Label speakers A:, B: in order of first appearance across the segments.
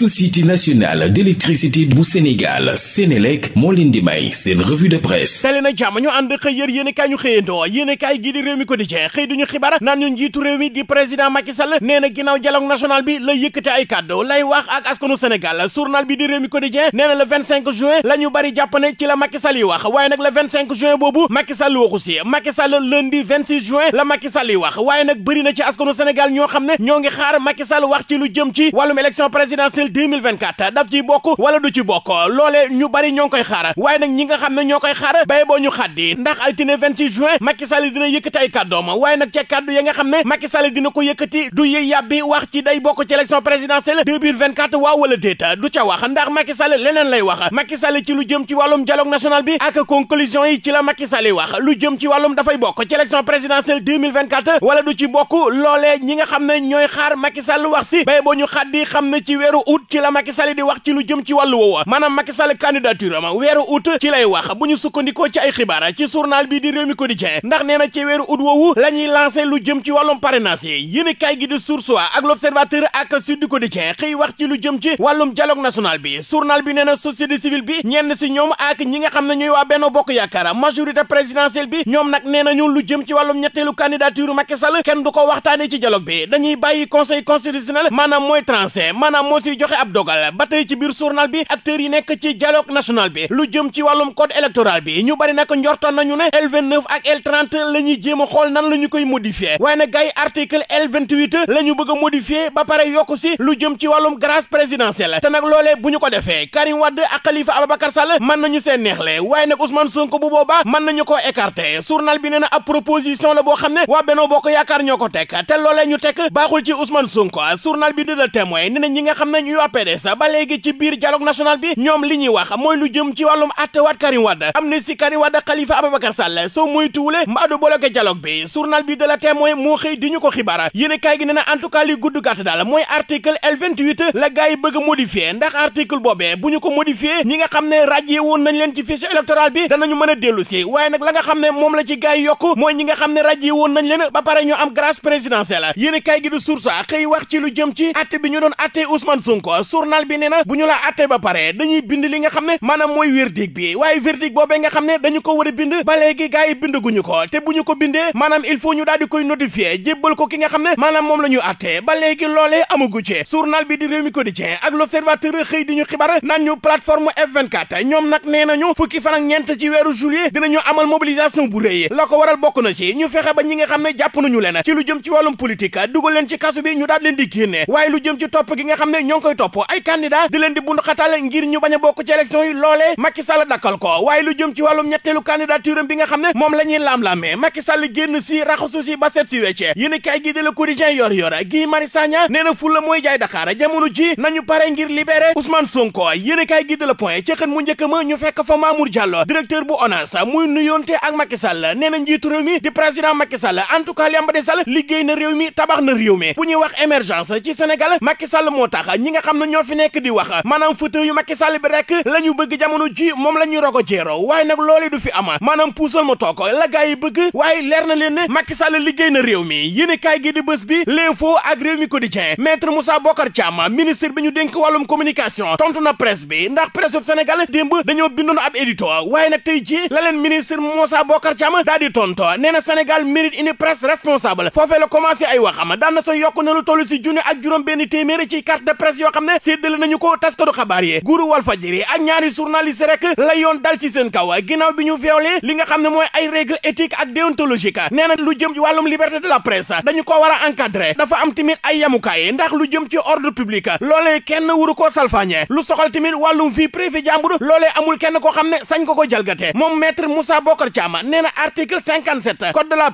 A: société nationale d'électricité bu Sénégal Sénélec moo leen di may seen revue de presse tali na jàmm ñu ànd xëy yër yéen kaay ñu xëyandoo yéen i kaay gii di réew mi quotidien xëy duñu xibaar naan ñu njiitu réew mi di président Macky Sall ginnaaw dialogue national bi la yëkkate ay kàddu lay wax ak askanu Sénégal journal bi di réew mi quotidien nee na juin la bari jàpp ci la Macky yi wax waaye nag le juin boobu Macky Sall waxu si Macky avril 2024 daf ciy bokk wala du ci bokk loole ñu bari koy xaar waaye nag ñi nga xam ne ñoo koy xaar bay boo ñu xaddi ndax altine 26 juin Macky Sall dina yëkkati ay kàddoom waaye nag ca kàddu ne Macky Sall ko yëkkati du yëy yàbbi wax ci bokk ci élection présidentielle 2024 waaw wala déet du ca wax ndax Macky Sall leneen lay Sall ci lu jëm ci wàllum dialogue national bi ak yi ci la Macky Sall yi wax lu jëm ci wàllum dafay bokk ci élection présidentielle 2024 wala du ci bokk loolee ñi nga xam ne ñooy xaar Macky wax si bay boo ñu xaddi xam ne ci weeru août ci la Macky Sall di wax ci lu jëm ci wàllu woowa maanaam Macky Sall candidature am weeru août ci lay wax bu ñu sukkandikoo ci ay xibaar ci journal bi di Rewmi Quotidien ndax nee na ci weeru août woowu la ñuy lancé lu jëm ci wàllum parrainage yi yéen kaay gi di Source A ak l'Observateur ak Sud Quotidien xëy wax ci lu jëm ci wàllum dialogue national bi journal bi nee na société civile bi ñenn si ñoom ak ñi nga xam ne ñooy waa Benno Bokk Yaakaar majorité présidentielle b ñoom nag nee nañu lu jëm ci wàllum ñetteelu candidature Macky Sall kenn du ko waxtaane ci dialogue bi dañuy bàyyi conseil constitutionnel maanaam mooy tranché joxe ab dogal ba tey ci biir journal bi acteurs yi nekk ci dialogue national bi lu jëm ci wàllum code électoral bi ñu bari nag njortoon nañu ne L29 ak L30 la ñuy jéem a xool nan la ñu koy modifier waaye nag gars yi article L28 la ñu bëgg a ba pare yokk si lu jëm ci wàllum grâce présidentielle te nag loolee bu ñu ko defee Karim Wade ak Khalifa Ababacar Sall mën nañu seen neexle waaye nag Ousmane Sonko bu booba mën nañu koo écarter journal bi nee na ab proposition la boo xam ne waa Benno Bokk ko teg te loolee ñu teg baaxul ci Ousmane Sonko journal na ñi nga yu waa PDS ba léegi ci biir dialogue national bi ñoom li ñuy wax mooy lu jëm ci wàllum attewaat Karim Wade am na si Karim Wade Khalifa Ababacar Sall soo moytuwulee mbaadu bloqué dialogue bi journal bi de la Témoin moo xëy di ñu ko xibaar yéen kaay gi nee na en gudd gàtt daal mooy article la gars bëgg a modifier ndax article boobee bu ñu ko modifier ñi nga xam ne ràjjee woon nañ leen ci fichier électoral bi danañu mën a dellu si waaye nga xam ne moom la ci gars yi yokk mooy am grâce présidentielle yéen kaay gi du source xëy wax ci lu jëm ci atte bi ñu doon atte Sonko journal bi nee na bu ñu la àttee ba dañuy bind li nga xam ne maanaam mooy verdict bi waaye verdict boobee nga xam ne dañu ko war a bind ba léegi gars yi bind guñu ko te bu ñu ko bindee maanaam il faut ñu daal di koy notifier jébbal ko ki nga ne maanaam moom la ñu àttee ba léegi loolee amagu ci journal bi di Rewmi Quotidien ak L'Observateur xëy di ñu xibaar naan ñu plateforme F24 ñoom nag nee nañu fukki fan ak ñeent ci weeru juillet dinañu ñu fexe ba ñi koy topp ay candidat di leen di ngir ñu bañ a bokk ci élection yi loolee Macky Sall dakkal ko waaye lu jëm ci wàllum ñetteelu candidature bi nga xam ne moom la ñuy laam-laamee Macky Sall génn si raxasu si ba si wecce yéen kay gi de Le yor yor Guy Marius Sagna na fulla mooy jaay Dakar jamono ji nañu pare ngir libérer Ousmane Sonko yéen kay gi de Le Point ci mu njëkk ñu fekk fa Mamour Diallo directeur bu ONAS muy nuyoonte ak Macky Sall nee nga xam ne ñoo fi nekk di wax maanaam fauteuil yu Macky Sall bi rek la ñu bëgg jamono ji moom la ñuy rogo jéeroo waaye nag loole du fi ama maanaam puusal ma toog la gaa yi bëgg waaye leer na leen ne Macky Sall liggéey na réew mi yéen kaay gi di bés bi l'info ak réew mi quotidien maître Moussa Bokar Thiam ministre bi ñu dénk wàllum communication tontu na presse bi ndax presse bu Sénégal démb dañoo bindoon ab édito waaye nag tey ji la leen ministre Moussa Bokar Thiam daal di tonto nee na xam ne na nañu ko taskatu xabaar yi guru Walfadjri ak ñaari journaliste rek la yoon dal ci seen kaw ginnaaw bi ñu feewle li nga xam ne mooy ay règle éthique ak déontologique nee na lu jëm ci wàllum liberté de la presse dañu ko war a encadrer dafa am tamit ay yamukaay ndax lu jëm ci ordre public loolee kenn wuru koo salfaañe lu soxal tamit wàllum fii privé jàmbur loolee amul kenn koo xam ne sañ ko ko jalgate moom maître Moussa Bokar Thiam nee na article 57 code de la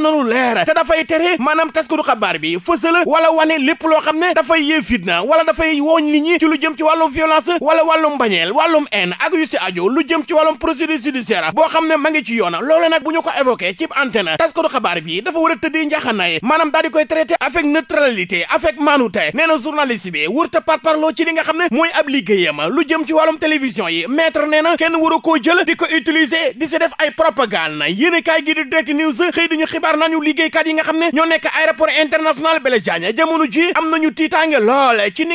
A: na lu leer te dafay maanaam taskatu xabaar bi fësal wala lépp loo xam ne dafay yee fitna wala dafay wooñ nit ñi ci lu jëm ci wàllum violence wala wàllum bañeel wàllum haine ak yu si aju lu jëm ci wàllum procédure judiciaire boo xam ne ma ngi ci yoona loole nag bu ñu ko évoqué ci antenne taskatu xabaar bi dafa war a tëddee njaxanaay maanaam daal di koy traité avec neutralité avec maanute nee na journaliste bi wurta parparloo ci li nga xam ne mooy ab liggéeyam lu jëm ci wàllum télévision yi maître nee na kenn waru koo jël di ko utiliser di si def ay propagande yéen kaay gi di direct news xibaar nañu liggéeykat yi nga xam ne ñoo nekk aéroport international Blaise Diagne jamono ji am nañu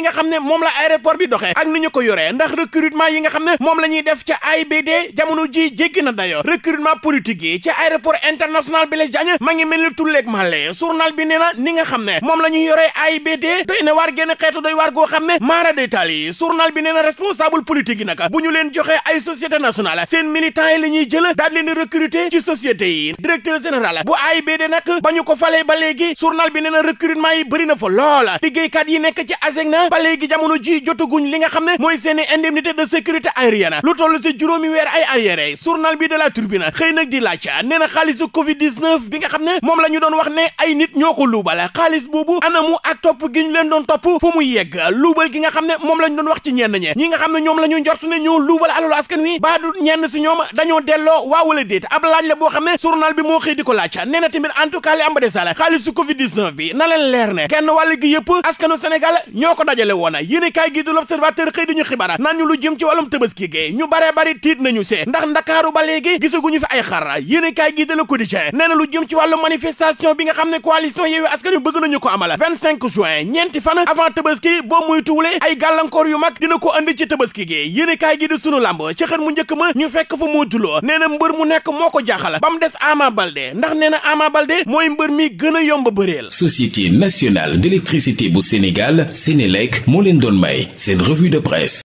A: ni xam ne moom la aéroport bi doxee a ni ñu ko yoree ndax recrutement nga xam ne moom la ñuy def ca AIBD jamono ji jéggi na dayoo recrutement politique yi ci aéroport international Blaise Diagne ma ngi mel ni tulleeg male journal bi nee ni nga xam ne moom la ñuy yoree AIBD doy na waar génn xeetu doy waar goo xam ne maara détail yi journal bi nee na responsable politique yi naka bu ñu leen joxee ay société nationale seen militants yi la ñuy jël daal leen di recruter ci ba ñu ko ba léegi journal bi nee na recrutement yi bëri na fa loola liggéeykat yi nekk ci ASECNA aérien ba léegi jamono ji jotaguñ li nga xam ne mooy seeni indemnité de sécurité aérienne lu toll si juróomi weer ay arriéré journal bi de la Tribune xëy nag di laaj nee na xaalisu covid 19 bi nga xam ne moom la ñu doon wax ne ay nit ñoo ko luubal xaalis boobu anamu ak topp gi ñu leen doon topp fu mu yegg luubal gi nga xam ne moom la ñu doon wax ci ñen ñenn ñe ñi nga xam ne ñoom la ñu njort ne ñoo luubal alalu askan wi baa du ñenn si ñoom dañoo delloo waa wala déet ab laaj la boo xam ne bi moo xëy di ko laaj nee na tamit en tout cas li am ba dajale woona yéenekaay gi du l'Observateur xëy di ñu xibaar naan ñu lu jëm ci wàllum tabaski gi ñu bare bari tiit nañu see ndax ndakaaru ba léegi gisaguñu fi ay xar yéenekaay gi de Le Quotidien nee na lu jëm ci wàllu manifestation bi nga xam ne coalition Yewwi Askan Wi bëgg nañu ko amal 25 juin ñeenti fan avant tabaski boo muy tuule ay gàllankoor yu mag dina ko andi ci tabaski gi yéenekaay gi di sunu làmb ci xën mu njëkk ma ñu fekk fa Modou Lo nee na mbër mu nekk moo ko jaaxal ba mu des Ama Baldé ndax nee na Ama Baldé mooy mbër mi gën a yomb bëreel société nationale d'électricité bu nekk moo leen doon may seen revue de presse